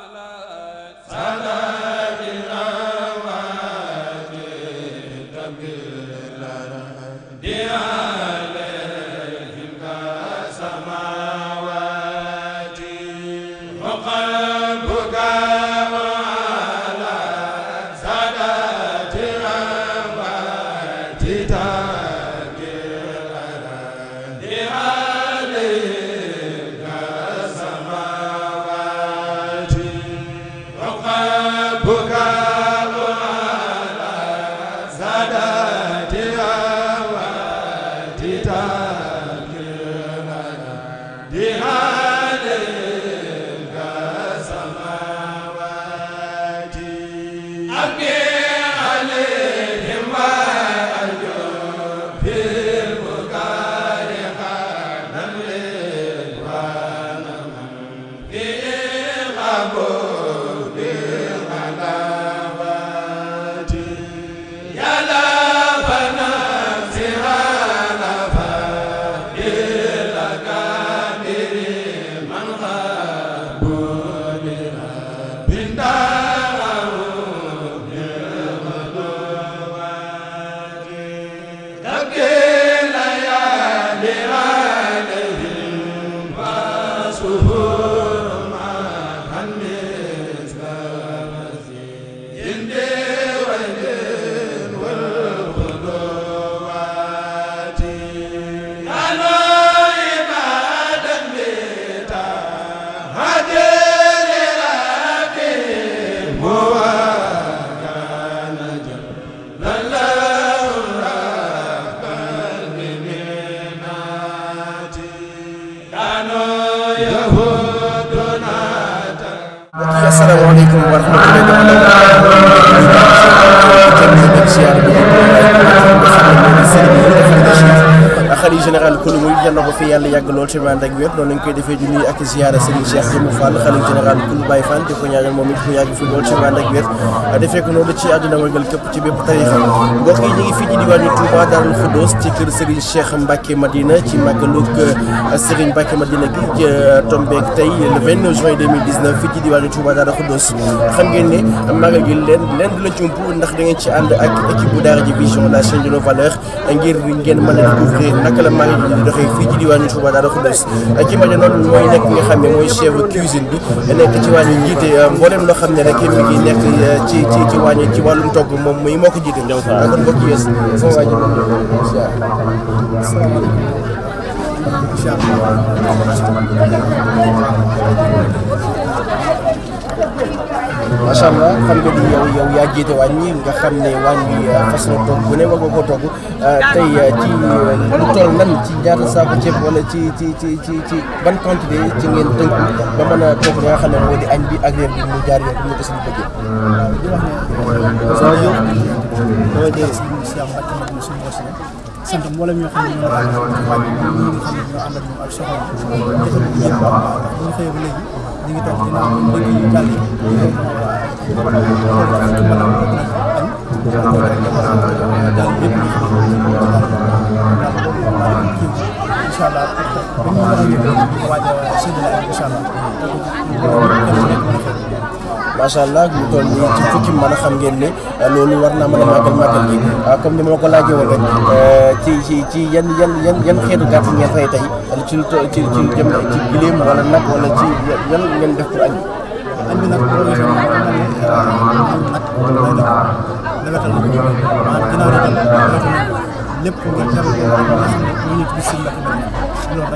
Allah asalaamaaleykum wa rahmatulah. xalifa koy defee di nuyu ak ziyaara Serigne Cheikh xam ngeen ne màggal gi leen leen du la jump ndax da ngeen ci ànd ak équipe bu Daara ji Vision la chaîne de nos valeurs ngir ngeen mën a découvrir nag naka la màggal gi di doxee fii ci diwaanu Touba Darou Khoudoss ci ma ne noonu mooy nekk nga xam mooy chef cuisine bi nekk ci wàññi jiite mboolem loo xam ne rek mi ngi nekk ci ci ci wàññi ci wàllum togg moom muy moo ko jiite kon mbokk yi sama waa ji incha allah macha allah fan ko di yow yow yaa jiite wàññi nga xam ne wàññi fas na toog bu ne wago ko toog tey ci lu toll nan ci ñaata saako ceeb wala ci ci ci ci ci ban quantité ci ngeen di añ bi ak reer bi mu jaar yoon mu ko suñu bëggee waaw di wax ne sant mboolem ñoo xam ne ñoo xam ne ñoo xam ne ñoo ànd ak ñoom ak soxla defal bu ñu yëpp bu ñu xëyee ba léegi ñu ngi macha allah ñu toll ni ci fukki mën xam ngeen ne loolu war naa mën a màggal màggal comme ni ma la ko laajee ci ci ci yan yan yan yan xeetu gàtt ngeen rey tey ci ci ci jëm ci gileem wala nag wala ci yan ngeen def pour añ añ nag Thank you. lépp ngeen jàpp leen rek nga xam ne ndax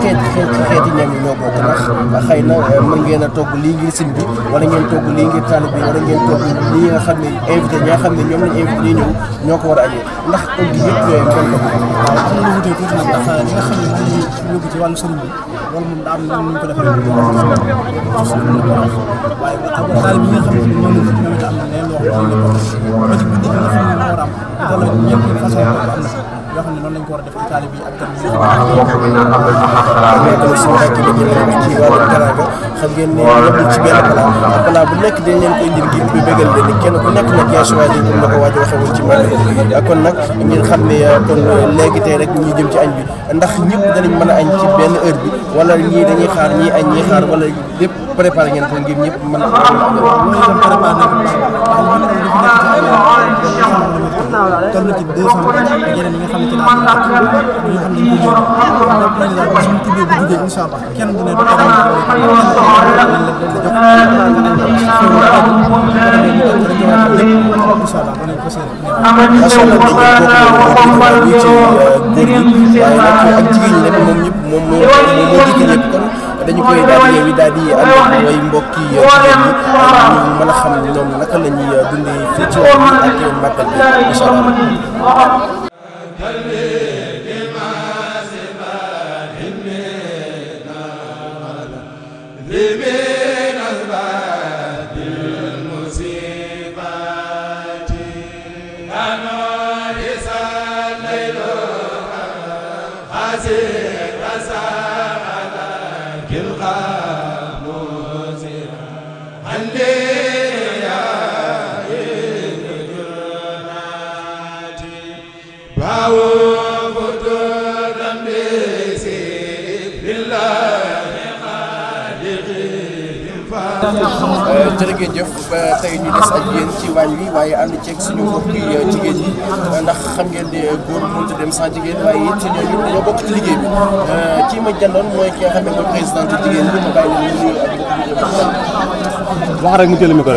xeeti xeeti xeeti ñam yi ñoo bokk ndax xëy na euh, mën ngeen a togg lii ngir sëñ bi wala ngeen togg lii ngir tànn bi wala ngeen togg lii nga xam ne invité ñi ñoo ko war a ajee ndax togg yëpp yooyu kon la nga xam ne moom ñu yóbbu ci wàllu sëriñ bi am na ñu ko defee waaye ne ñoo leen am na leen loo xam am wala ñëpp façon boobu am na yoo xam ne noonu lañ ko war a def ci taalib yi ak tamit. waaw mbokk mi naan am nañ ko xam. waaw loolu tamit suñu xam ngeen ne ci benn bu nekk dañ leen ko indil ngir ñu bégal leen ni kenn ku nekk nag yaa choisir comme na ko waaj waxee woon ci ah, kon nag ngeen xam ne ah, kon ah, léegi tey rek ñuy jëm ci añ bi ndax ñëpp danañ man a añ ci benn heure bi wala ñii dañuy xaar ñii añ ñii xaar wala lépp préparé ngeen ko ngir ñëpp mën a toll ci deux cent yeneen yi nga xam ne ci daal ñu xam bu ne dañu koy daal di daal di am ay mbokk yi mën a xam ñoom naka la ñuy dundee fii ci wàllu ak màggal bi incha allah jërë ngeen jëf tey ñu des ak yéen ci waañ wi waaye ànd ceeg suñu mbokk yi euh, jigéen ñi ndax xam ngeen ne euh, góor mënut a dem sans jigéen waaye it ñooñu dañoo bokk liggéey bi euh, kii ma jàndoon mooy ki nga xam ne mooy présidente jigéen ñi ma bàyyi leen mu jël micro bi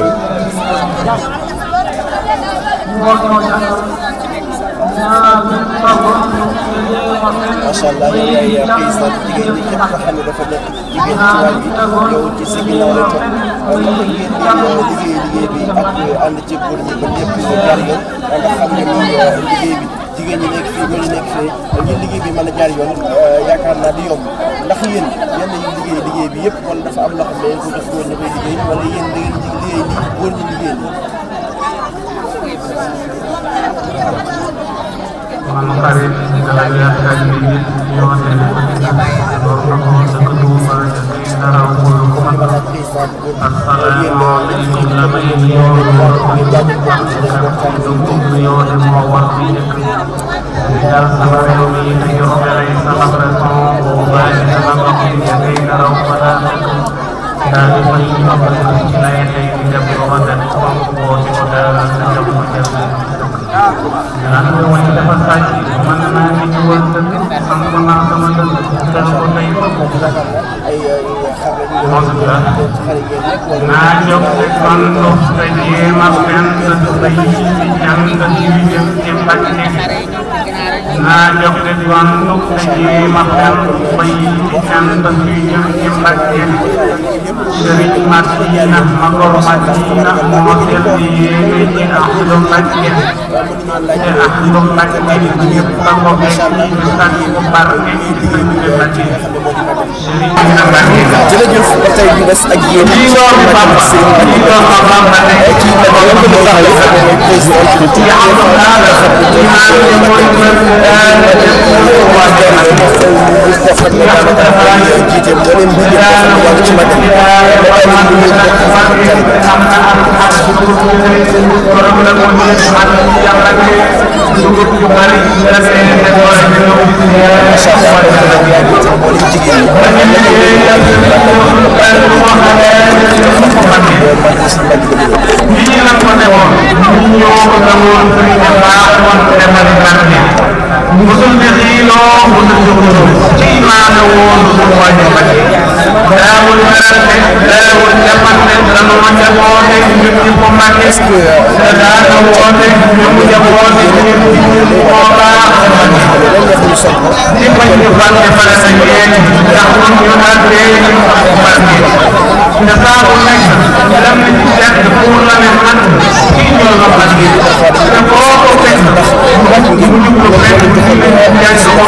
macha allah yow yaay président jigéen ñi képp nga xam ne dafa nekk jigéen ci wàll bi yow ci si ginnaaw lay toog naka ngeen di liggéey liggéey bi ak ànd ci góor ñi ba ñëpp ñu jaar yoon nga xam ne moom liggéey bi jigéen ñi nekk fii góor ñi nekk fee ngeen liggéey bi mën a jaar yoon yaakaar naa di yomb ndax yéen yéen a liggéey liggéey bi yëpp wala dafa am loo xam ne yéen ko def góor ñi koy liggéey wala yéen da ngeen liggéey nii góor ñi liggéey nii makhluk ini yang Assalamualaikum warahmatullahi wabarakatuh kami menerima perbuatan yang tidak berdoa dan dan dan yang yang yang naa jox leen yoon nu dañuy ini yang ñoo ko nangoon sëriñ bu baax woon demal Mbàkke mosul ne xiiloo mosul jëkkoon ci maana woon mosul wàññi Mbàkke daawul werante daawul jàppante danoo jaboote ñun ñu ko Mbàkke da daana woote ñu mu jaboote ñun ñu ko baax di bañ ñu fàtte farata yeeg ndax ñun ñu àttee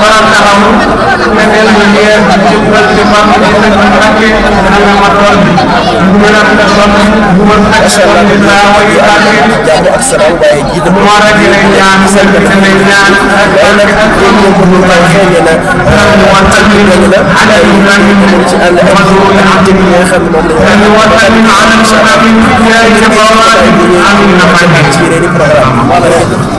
war a taxaw ne ingénieur ci bâtiment bi nag Mbacké dana ma doon gouvernement bi gouvernement ak sama di taxaw yu tànn jaamu ak salaam waaye jiite mu war a dina ñaan sa bi dina ñaan ak ànd ak ak yéen ñoo ko ñu bàyyi xëy na ñu wantal ñu ne la ana yu naan ñu mën ci ànd ak ñu nga xam ne nga xam ne moom la ñu wantal ñu ana sa bi yaa ngi ci boobaa am na màggat ci yeneen i programme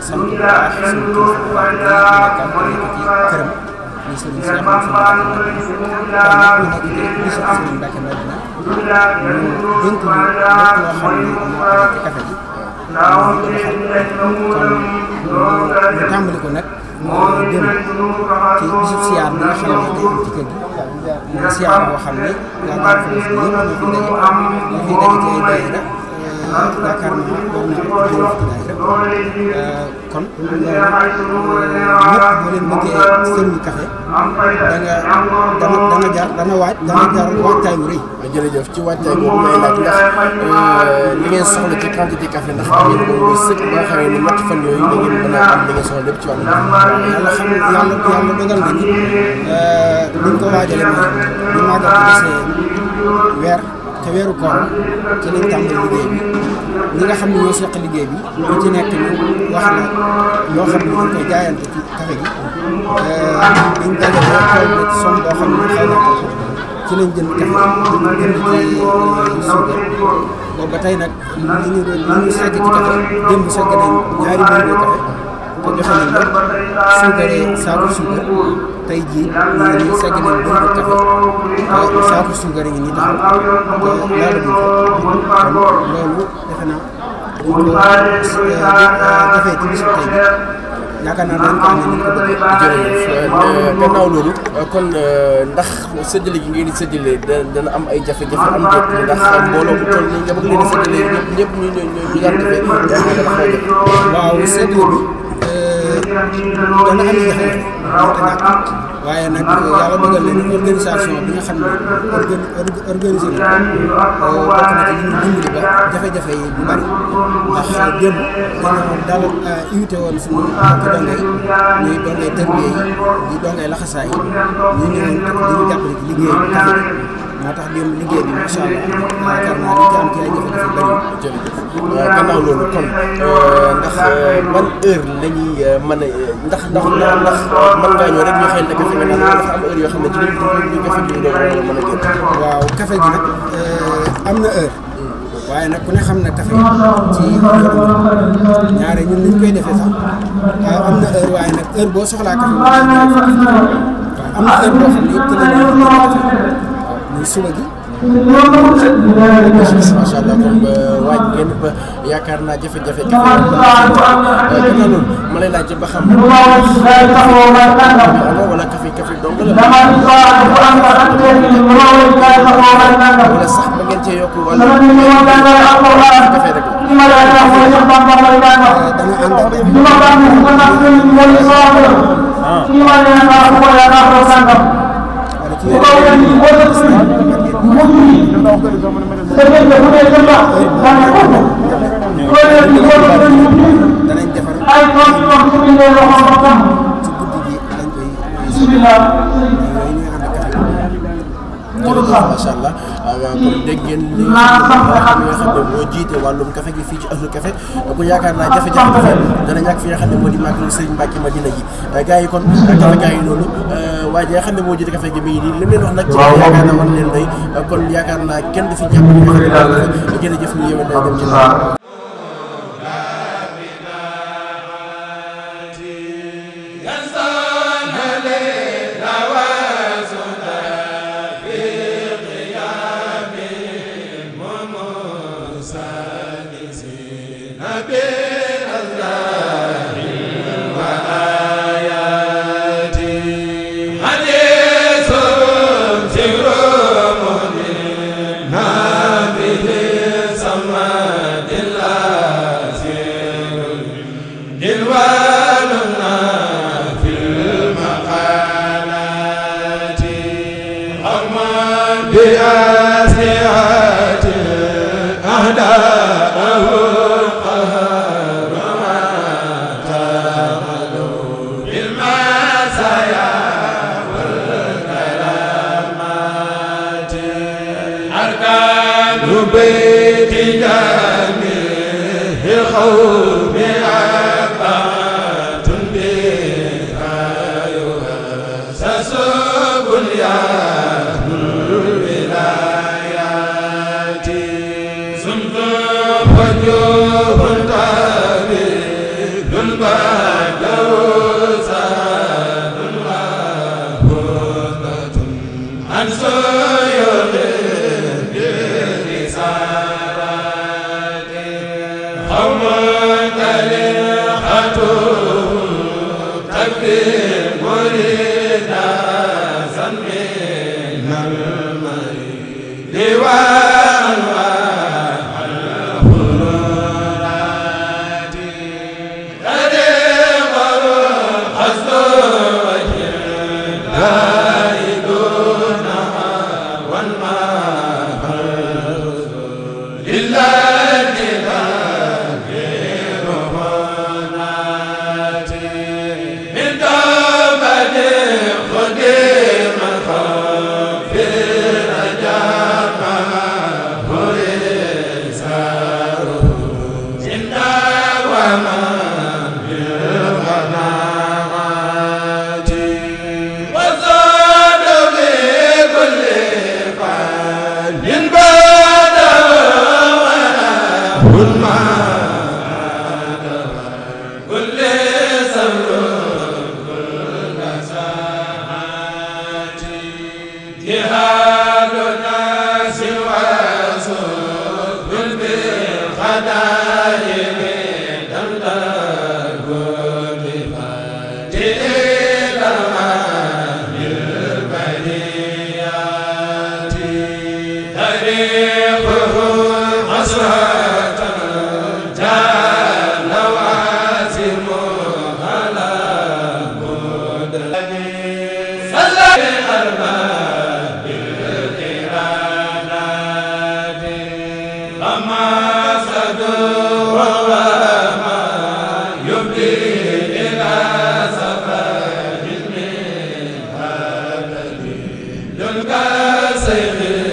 sant bu baax suñu kilifa bu baax di ko këram di sëriñ si xam suñu Mbàkke Madina kon nag ñu nekk di sëriñ suñu Mbàkke Madina ñu dénk ñu lépp loo xam ne moo amoon ci café bi ñu tàmbali ko nag dem ci bisub siyaar bi nga xam ne day am ci kër gi mooy siyaar boo xam ne yaakaar naa fi ñëpp ñu fi daje ñu fi daje ci ay daayira yaakaar naa war naa euh, euh, am da nga dana dana jar dana waaj dana jar a wu rëy. Ah, ci waajtaay boobu ngay laaj ndax euh, li ngeen soxla ci quantité café a am ngeen ko sëkk ba nga xamee ne ñetti fan yooyu da ngeen mën a am li ngeen soxla lépp ci wàllu yàlla weer te weeru koor ci lañ tàmbali liggéey bi ñi nga xam ne ñoo seq liggéey bi lu ci nekk ñu wax na loo xam ne dañ koy jaayante ci café gi dañ daje ba toll na ci somme boo xam ne xëy na ci lañ jënd café ñu jënd ci euh, suukar boobu ba tey nag li ñu li ñu segg ci café démb segg nañ ñaari mbir café te joxe nañ lépp suukaree saako tey jii ñu ngi nii segg nañ bëri na café te saako suukar ngi nii taxaw te laalaguñ ko kon loolu defe naa buñ ko eh, defee ci bisu tey bi yaakaar naa dañ ko am nañ ko bëgg jërëjëf eh, gannaaw loolu eh, kon ndax séddale gi ngeen di séddale dana am ay jafe-jafe am jot ndax mbooloo bu toll nii nga bëgg leen a séddale ñëpp ñëpp ñu ñu ñu daan defee waaw séddale bi dana am jafe-jafe mënta ñàkk waaye nag eh, yàlla dogal leen organisation bi nga xam ne organisé na eh, bokk na ci ñu dimbali ba jafe-jafe yi du bari ndax eh, démb dañoo daal invité woon suñu mbokki donge ñuy donge terbiye yi di donge laxasaay yi ñu ñëwoon di ñu jàppale ci moo tax démb liggéey bi macha allah yaakaar naa li ci am ci ay jafe-jafe bëri. jërëjëf gannaaw loolu kon ndax ban heure la ñuy mën a ndax ndax ndax mën ngaa ñëw rek ñu xëy na café nga naan dafa am heure yoo xam ne ci lañ ñu café bi doon mën a génn. waaw café gi nag am na heure. waaye nag ku ne xam na café ci ñaare ñun niñ koy defee sax waaw am na heure waaye nag heure boo soxlaa café waaw am na heure boo xam ne yëpp ci la ñuy suba gi. macha allah kon ba waaj ngeen ba yaakaar naa jafe-jafe gi. ma lay laaj ba xam. wala kafi kafi dong la. wala sax ba ngeen cee yokk wala. kafe rek. dana ànd ak. ah. bu ko waral ñu wóor la sëriñ mu ngi te ngeen def bu dee jëmbaar daanaka ko loolu yëpp ñu wóor la ñu ay transport yu ñu loxo ba tam bisimilah jërëjëf macha allah ah, waaw kon dégg ngeen li nga xam ne moo jiite wàllum café gi fii ci Euhlou Café kon yaakaar naa jafe-jafe café dana ñàkk fi nga xam ne moo di màggal Serigne Mbacké Madina ji ah, gars yi kon café gars yi loolu ah, waaye nga xam ne moo jiite café gi mi ngi nii li mu leen wax nag ci yaakaar naa war leen doy kon yaakaar naa kenn du fi jàpp li nga xam ne jërëjëf ñu yéwén day dem ci bi الخير Muhammad ka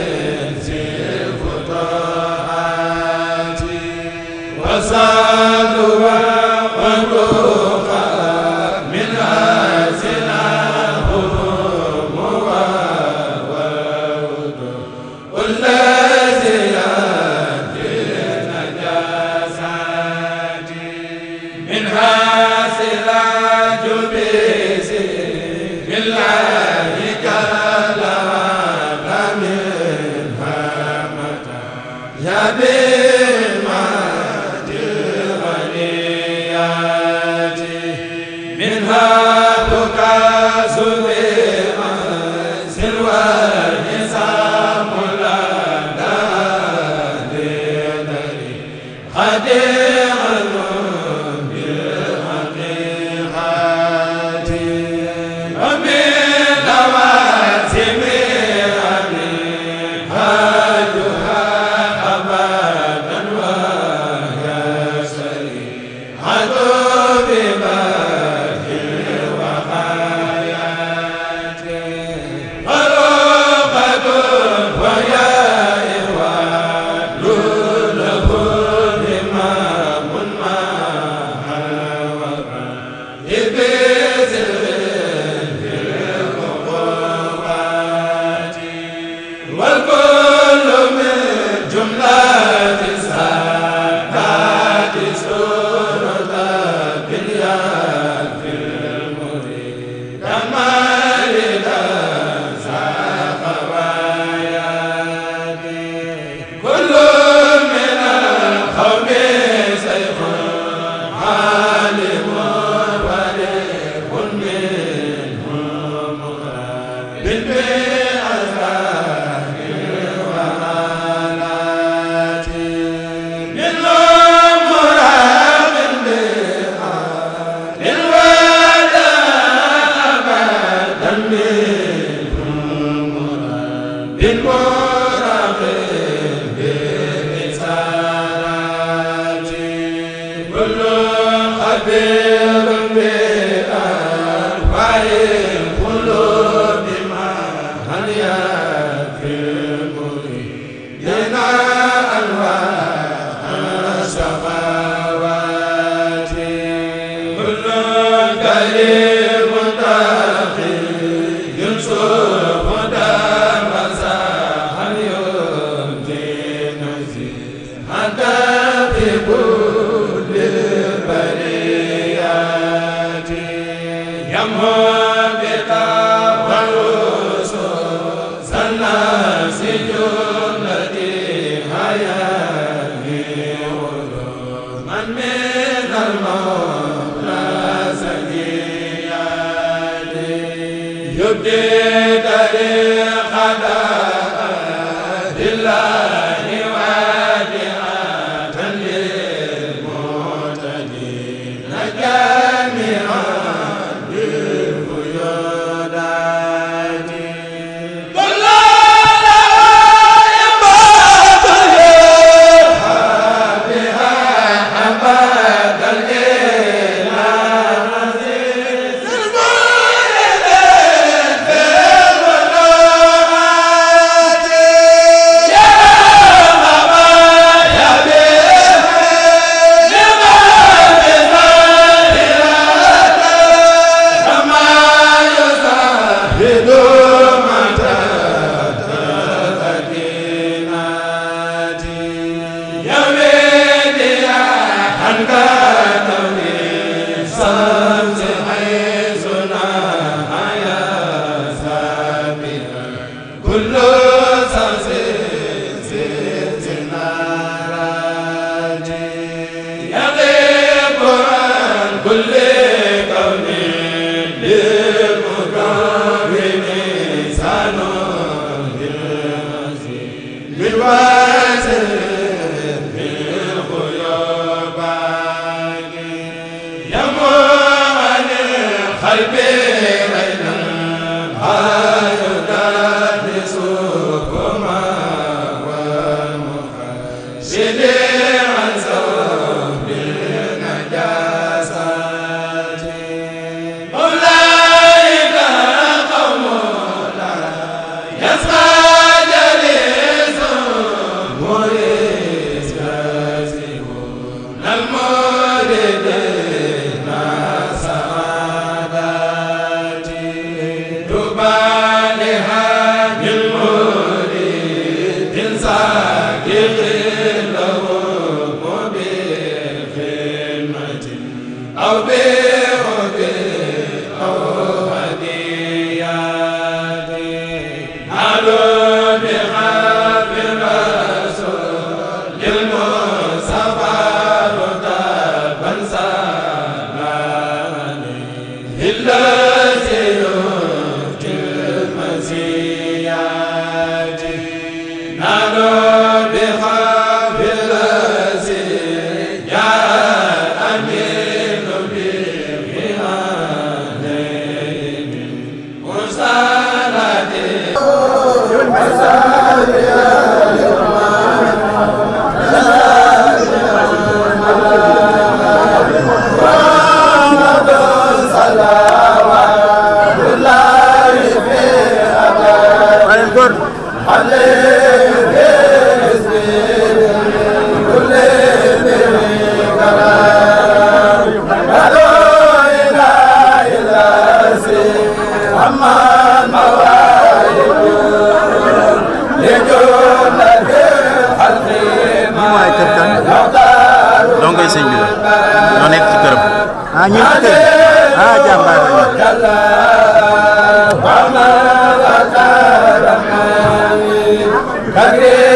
kalbe sëñ bi la ñoo nekk ci këram ah ñu ngi ci kër ah jàmbaar la ñu